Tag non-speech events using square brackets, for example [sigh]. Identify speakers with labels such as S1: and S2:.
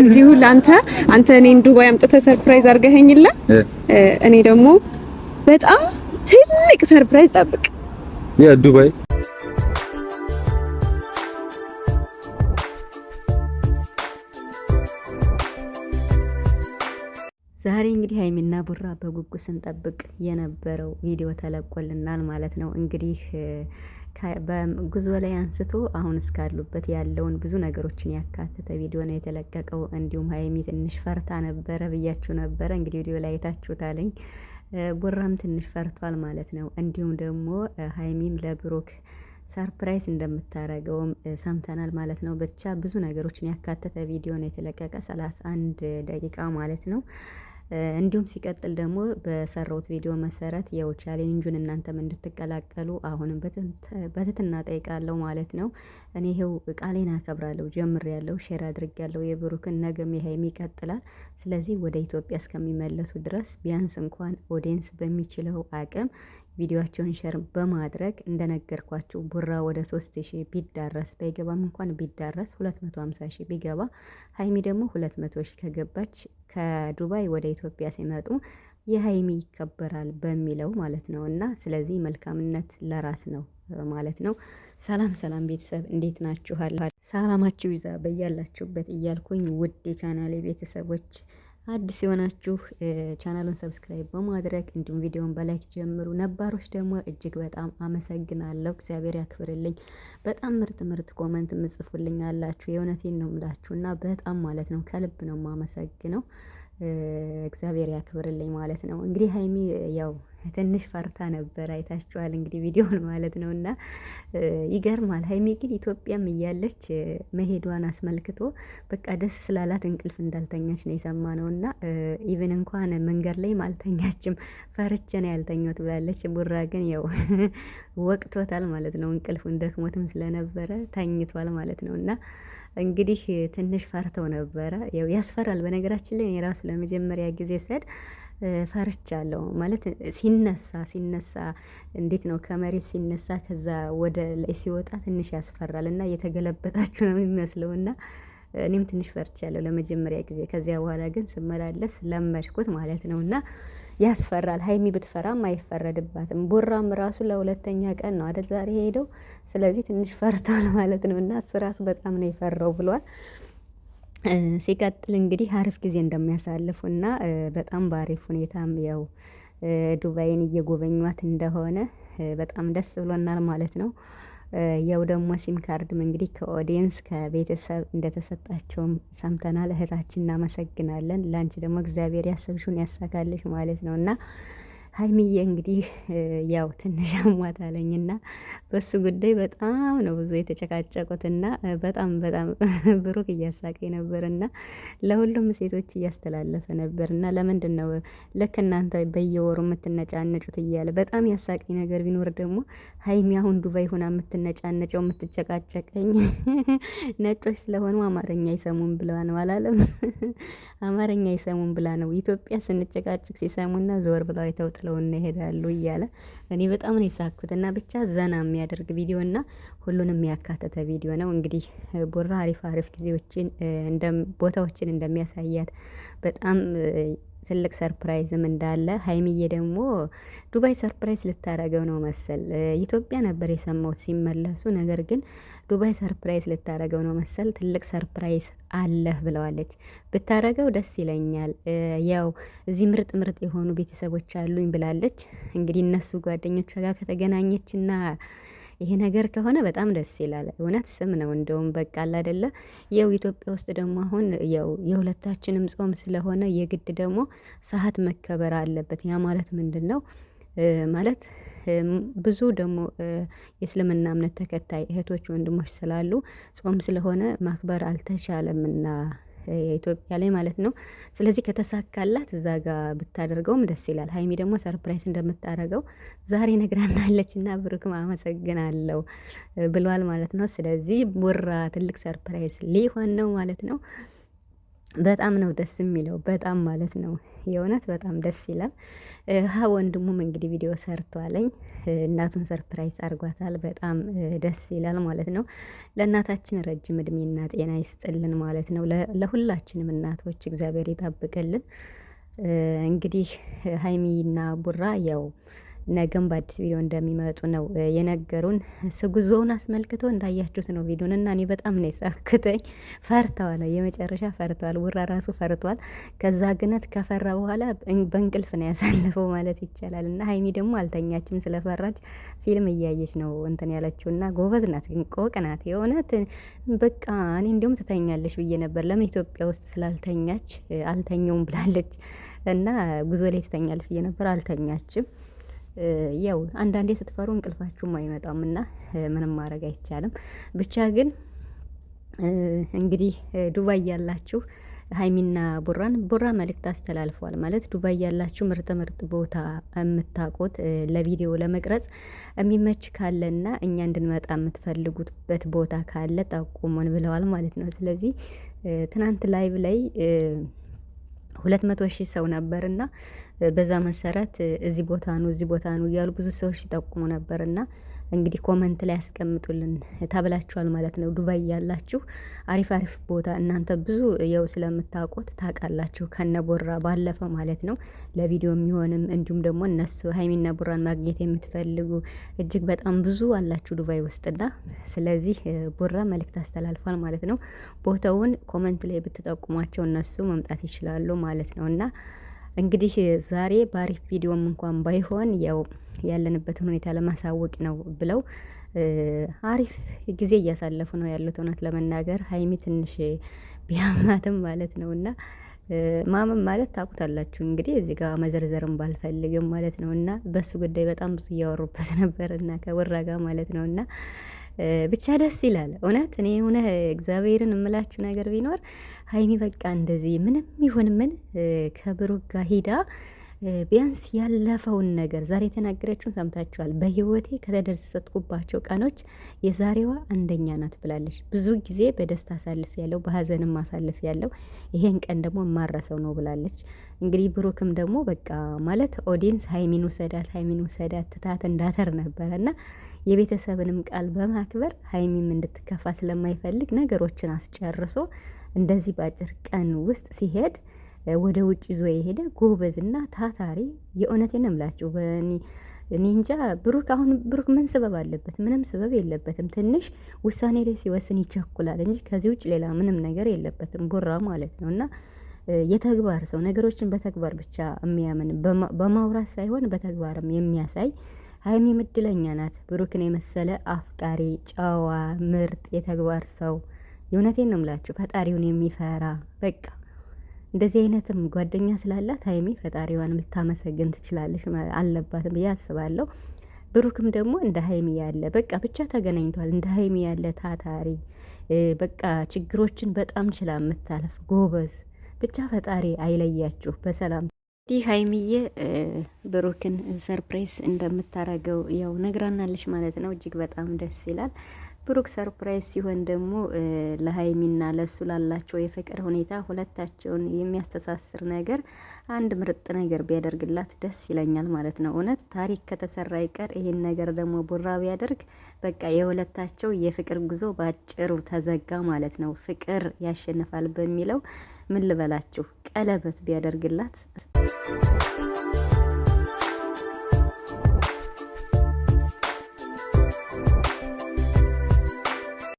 S1: እዚሁ ለአንተ አንተ እኔን ዱባይ አምጥተህ ሰርፕራይዝ አድርገኸኝላ እኔ ደግሞ በጣም ትልቅ ሰርፕራይዝ ጠብቅ። ያ ዱባይ ዛሬ እንግዲህ ሀይሚና ቡራ በጉጉት ስንጠብቅ የነበረው ቪዲዮ ተለቆልናል ማለት ነው እንግዲህ በጉዞ ላይ አንስቶ አሁን እስካሉበት ያለውን ብዙ ነገሮችን ያካተተ ቪዲዮ ነው የተለቀቀው። እንዲሁም ሀይሚ ትንሽ ፈርታ ነበረ ብያችሁ ነበረ። እንግዲህ ቪዲዮ ላይ የታችሁታለኝ። ቡራም ትንሽ ፈርቷል ማለት ነው። እንዲሁም ደግሞ ሀይሚም ለብሩክ ሰርፕራይዝ እንደምታረገውም ሰምተናል ማለት ነው። ብቻ ብዙ ነገሮችን ያካተተ ቪዲዮ ነው የተለቀቀ ሰላሳ አንድ ደቂቃ ማለት ነው። እንዲሁም ሲቀጥል ደግሞ በሰራሁት ቪዲዮ መሰረት የው ቻሌንጁን እናንተም እንድትቀላቀሉ አሁንም በትትና ጠይቃለሁ ማለት ነው። እኔ ይሄው ቃሌን አከብራለሁ። ያለው ሼር ያለው የብሩክን ነገም የሀይሚ ይቀጥላል። ስለዚህ ወደ ኢትዮጵያ እስከሚመለሱ ድረስ ቢያንስ እንኳን ኦዲየንስ በሚችለው አቅም ቪዲዮቸውን ሸር በማድረግ እንደነገርኳችሁ ቡራ ወደ ሶስት ሺህ ቢዳረስ ባይገባም እንኳን ቢዳረስ ሁለት ሺህ ቢገባ ሀይሚ ደግሞ ሁለት መቶ ሺህ ከገባች ከዱባይ ወደ ኢትዮጵያ ሲመጡ የሀይሚ ይከበራል በሚለው ማለት ነው። እና ስለዚህ መልካምነት ለራስ ነው ማለት ነው። ሰላም ሰላም ቤተሰብ እንዴት ናችኋል? ሰላማችሁ ይዛ በያላችሁበት እያልኩኝ ውድ የቻናሌ ቤተሰቦች አዲስ የሆናችሁ ቻናሉን ሰብስክራይብ በማድረግ እንዲሁም ቪዲዮውን በላይክ ጀምሩ። ነባሮች ደግሞ እጅግ በጣም አመሰግናለሁ። እግዚአብሔር ያክብርልኝ። በጣም ምርጥ ምርጥ ኮመንት ምጽፉልኝ አላችሁ። የእውነቴን ነው ምላችሁና እና በጣም ማለት ነው ከልብ ነው የማመሰግነው። እግዚአብሔር ያክብርልኝ ማለት ነው። እንግዲህ ሀይሚ ያው ትንሽ ፈርታ ነበር አይታችኋል፣ እንግዲህ ቪዲዮን ማለት ነው። እና ይገርማል። ሀይሚ ግን ኢትዮጵያም እያለች መሄዷን አስመልክቶ በቃ ደስ ስላላት እንቅልፍ እንዳልተኛች ነው ነው። እና ኢቨን እንኳን መንገድ ላይም አልተኛችም፣ ፈርቼ ነው ብላለች። ቡራ ግን ያው [laughs] ወቅቶታል ማለት ነው። እንቅልፉን ደክሞትም ስለነበረ ተኝቷል ማለት ነው እና እንግዲህ ትንሽ ፈርተው ነበረ። ያው ያስፈራል። በነገራችን ላይ የራሱ ለመጀመሪያ ጊዜ ሰድ ፈርቻለሁ ማለት ሲነሳ ሲነሳ እንዴት ነው ከመሬት ሲነሳ ከዛ ወደ ላይ ሲወጣ ትንሽ ያስፈራል እና እየተገለበጣችሁ ነው የሚመስለው እና እኔም ትንሽ ፈርቻለሁ ለመጀመሪያ ጊዜ። ከዚያ በኋላ ግን ስመላለስ ለመድኩት ማለት ነው። እና ያስፈራል። ሀይሚ ብትፈራም አይፈረድባትም። ቦራም ራሱ ለሁለተኛ ቀን ነው አደል ዛሬ ሄደው። ስለዚህ ትንሽ ፈርቷል [laughs] ማለት ነው። እና እሱ ራሱ በጣም ነው የፈራው ብሏል። ሲቀጥል እንግዲህ አሪፍ ጊዜ እንደሚያሳልፉ እና በጣም በአሪፍ ሁኔታም ያው ዱባይን እየጎበኟት እንደሆነ በጣም ደስ ብሎናል ማለት ነው። ያው ደግሞ ሲም ካርድም እንግዲህ ከኦዲየንስ ከቤተሰብ እንደተሰጣቸውም ሰምተናል። እህታችን እናመሰግናለን። ለአንቺ ደግሞ እግዚአብሔር ያሰብሽውን ያሳካልሽ ማለት ነው እና ሀይሚዬ እንግዲህ [laughs] ያው ትንሽ አሟታለኝና በሱ ጉዳይ በጣም ነው ብዙ የተጨቃጨቁትና በጣም በጣም [laughs] ብሩክ እያሳቀ ነበርና ለሁሉም ሴቶች እያስተላለፈ ነበርና ለምንድን ነው ልክ እናንተ በየወሩ የምትነጫነጩት እያለ በጣም ያሳቀኝ ነገር ቢኖር ደግሞ ሀይሚ አሁን ዱባይ ሆና የምትነጫነጨው የምትጨቃጨቀኝ [laughs] ነጮች ስለሆኑ አማርኛ አይሰሙም ብላ ነው አላለም። አማርኛ አይሰሙም ብላ ነው ኢትዮጵያ ስንጨቃጭቅ ሲሰሙና ዞር ብለው አይተውጥ ተከትለውና ይሄዳሉ እያለ እኔ በጣም ነው የሳኩትና ብቻ ዘና የሚያደርግ ቪዲዮ እና ሁሉንም ያካተተ ቪዲዮ ነው። እንግዲህ ቦራ አሪፍ አሪፍ ጊዜዎችን ቦታዎችን እንደሚያሳያት በጣም ትልቅ ሰርፕራይዝም እንዳለ ሀይሚዬ ደግሞ ዱባይ ሰርፕራይዝ ልታረገው ነው መሰል። ኢትዮጵያ ነበር የሰማሁት ሲመለሱ፣ ነገር ግን ዱባይ ሰርፕራይዝ ልታረገው ነው መሰል። ትልቅ ሰርፕራይዝ አለህ ብለዋለች። ብታረገው ደስ ይለኛል። ያው እዚህ ምርጥ ምርጥ የሆኑ ቤተሰቦች አሉኝ ብላለች። እንግዲህ እነሱ ጓደኞቿ ጋር ከተገናኘችና ይሄ ነገር ከሆነ በጣም ደስ ይላል። እውነት ስም ነው እንደውም በቃ አይደለ። ያው ኢትዮጵያ ውስጥ ደግሞ አሁን ያው የሁለታችንም ጾም ስለሆነ የግድ ደግሞ ሰዓት መከበር አለበት። ያ ማለት ምንድን ነው ማለት ብዙ ደግሞ የእስልምና እምነት ተከታይ እህቶች ወንድሞች ስላሉ ጾም ስለሆነ ማክበር አልተቻለምና ኢትዮጵያ ላይ ማለት ነው። ስለዚህ ከተሳካላት እዛ ጋር ብታደርገውም ደስ ይላል። ሀይሚ ደግሞ ሰርፕራይዝ እንደምታደርገው ዛሬ ነግራናለች እና ብሩክም አመሰግናለሁ ብሏል ማለት ነው። ስለዚህ ቡራ ትልቅ ሰርፕራይዝ ሊሆን ነው ማለት ነው። በጣም ነው ደስ የሚለው በጣም ማለት ነው የእውነት በጣም ደስ ይላል። ሀ ወንድሙም እንግዲህ ቪዲዮ ሰርቷለኝ እናቱን ሰርፕራይዝ አርጓታል በጣም ደስ ይላል ማለት ነው። ለእናታችን ረጅም እድሜና ጤና ይስጥልን ማለት ነው። ለሁላችንም እናቶች እግዚአብሔር ይጠብቅልን። እንግዲህ ሀይሚና ቡራ ያው ነገም በአዲስ ቪዲዮ እንደሚመጡ ነው የነገሩን። [laughs] ስጉዞውን አስመልክቶ እንዳያችሁት ነው ቪዲዮን እና እኔ በጣም ነው የሳክተኝ። ፈርተዋል፣ የመጨረሻ ፈርተዋል፣ ውራ ራሱ ፈርቷል። ከዛ ግነት ከፈራ በኋላ በእንቅልፍ ነው ያሳለፈው ማለት ይቻላል። እና ሀይሚ ደግሞ አልተኛችም ስለፈራች ፊልም እያየች ነው እንትን ያለችው። እና ጎበዝ ናት፣ ግን ቆቅ ናት የእውነት በቃ እኔ እንዲሁም ትተኛለች ብዬ ነበር። ለምን ኢትዮጵያ ውስጥ ስላልተኛች አልተኘውም ብላለች እና ጉዞ ላይ ትተኛለች ብዬ ነበር፣ አልተኛችም። ያው አንዳንዴ ስትፈሩ እንቅልፋችሁም አይመጣም እና ምንም ማድረግ አይቻልም። ብቻ ግን እንግዲህ ዱባይ ያላችሁ ሀይሚና ቡራን ቡራ መልእክት አስተላልፏል። ማለት ዱባይ ያላችሁ ምርጥ ምርጥ ቦታ የምታውቁት ለቪዲዮ ለመቅረጽ የሚመች ካለና እኛ እንድንመጣ የምትፈልጉበት ቦታ ካለ ጠቁሙን ብለዋል ማለት ነው። ስለዚህ ትናንት ላይቭ ላይ ሁለት መቶ ሺህ ሰው ነበርና በዛ መሰረት እዚህ ቦታ ነው እዚህ ቦታ ነው እያሉ ብዙ ሰዎች ሲጠቁሙ ነበርና እንግዲህ ኮመንት ላይ ያስቀምጡልን ተብላችኋል ማለት ነው። ዱባይ ያላችሁ አሪፍ አሪፍ ቦታ እናንተ ብዙ የው ስለምታውቁት ታውቃላችሁ፣ ከነቦራ ባለፈ ማለት ነው ለቪዲዮ የሚሆንም እንዲሁም ደግሞ እነሱ ሀይሚና ቦራን ማግኘት የምትፈልጉ እጅግ በጣም ብዙ አላችሁ ዱባይ ውስጥና ስለዚህ ቦራ መልእክት አስተላልፏል ማለት ነው። ቦታውን ኮመንት ላይ ብትጠቁሟቸው እነሱ መምጣት ይችላሉ ማለት ነው እና እንግዲህ ዛሬ በአሪፍ ቪዲዮም እንኳን ባይሆን ያው ያለንበትን ሁኔታ ለማሳወቅ ነው ብለው አሪፍ ጊዜ እያሳለፉ ነው ያሉት። እውነት ለመናገር ሀይሚ ትንሽ ቢያማትም ማለት ነው እና ማመን ማለት ታውቁታላችሁ እንግዲህ እዚህ ጋር መዘርዘርም ባልፈልግም ማለት ነው እና በሱ ጉዳይ በጣም ብዙ እያወሩበት ነበር እና ከወራ ጋር ማለት ነው እና ብቻ ደስ ይላል። እውነት እኔ የሆነ እግዚአብሔርን እምላችሁ ነገር ቢኖር ሀይሚ በቃ እንደዚህ ምንም ይሁን ምን ከብሩክ ጋር ሂዳ ቢያንስ ያለፈውን ነገር ዛሬ የተናገረችውን ሰምታችኋል። በህይወቴ ከተደሰትኩባቸው ቀኖች የዛሬዋ አንደኛ ናት ብላለች። ብዙ ጊዜ በደስታ አሳልፍ ያለው በሀዘንም አሳልፍ ያለው ይሄን ቀን ደግሞ የማረሰው ነው ብላለች። እንግዲህ ብሩክም ደግሞ በቃ ማለት ኦዲንስ ሀይሚን ውሰዳት፣ ሀይሚን ውሰዳት ትታት እንዳተር ነበረ እና የቤተሰብንም ቃል በማክበር ሀይሚም እንድትከፋ ስለማይፈልግ ነገሮችን አስጨርሶ እንደዚህ በአጭር ቀን ውስጥ ሲሄድ ወደ ውጭ ይዞ የሄደ ጎበዝና ታታሪ የእውነቴን እምላችሁ በኒ እኔ እንጃ ብሩክ አሁን ብሩክ ምን ስበብ አለበት? ምንም ስበብ የለበትም። ትንሽ ውሳኔ ላይ ሲወስን ይቸኩላል እንጂ ከዚህ ውጭ ሌላ ምንም ነገር የለበትም። ቡራ ማለት ነው እና የተግባር ሰው ነገሮችን በተግባር ብቻ የሚያምን በማውራት ሳይሆን በተግባርም የሚያሳይ ሀይሚ ምድለኛ ናት። ብሩክን የመሰለ አፍቃሪ፣ ጨዋ፣ ምርጥ የተግባር ሰው የእውነቴን ነው የምላችሁ ፈጣሪውን የሚፈራ በቃ እንደዚህ አይነትም ጓደኛ ስላላት ሀይሚ ፈጣሪዋን ልታመሰግን ትችላለች አለባትም ብዬ አስባለሁ። ብሩክም ደግሞ እንደ ሀይሚ ያለ በቃ ብቻ ተገናኝቷል። እንደ ሀይሚ ያለ ታታሪ በቃ ችግሮችን በጣም ችላ የምታለፍ ጎበዝ። ብቻ ፈጣሪ አይለያችሁ በሰላም። እንዲህ ሀይሚዬ ብሩክን ሰርፕራይዝ እንደምታረገው ያው ነግራናለች ማለት ነው። እጅግ በጣም ደስ ይላል። ብሩክ ሰርፕራይዝ ሲሆን ደግሞ ለሀይሚና ለሱ ላላቸው የፍቅር ሁኔታ ሁለታቸውን የሚያስተሳስር ነገር አንድ ምርጥ ነገር ቢያደርግላት ደስ ይለኛል ማለት ነው። እውነት ታሪክ ከተሰራ ይቀር ይህን ነገር ደግሞ ቡራ ቢያደርግ በቃ የሁለታቸው የፍቅር ጉዞ በአጭሩ ተዘጋ ማለት ነው። ፍቅር ያሸንፋል በሚለው ምን ልበላችሁ ቀለበት ቢያደርግላት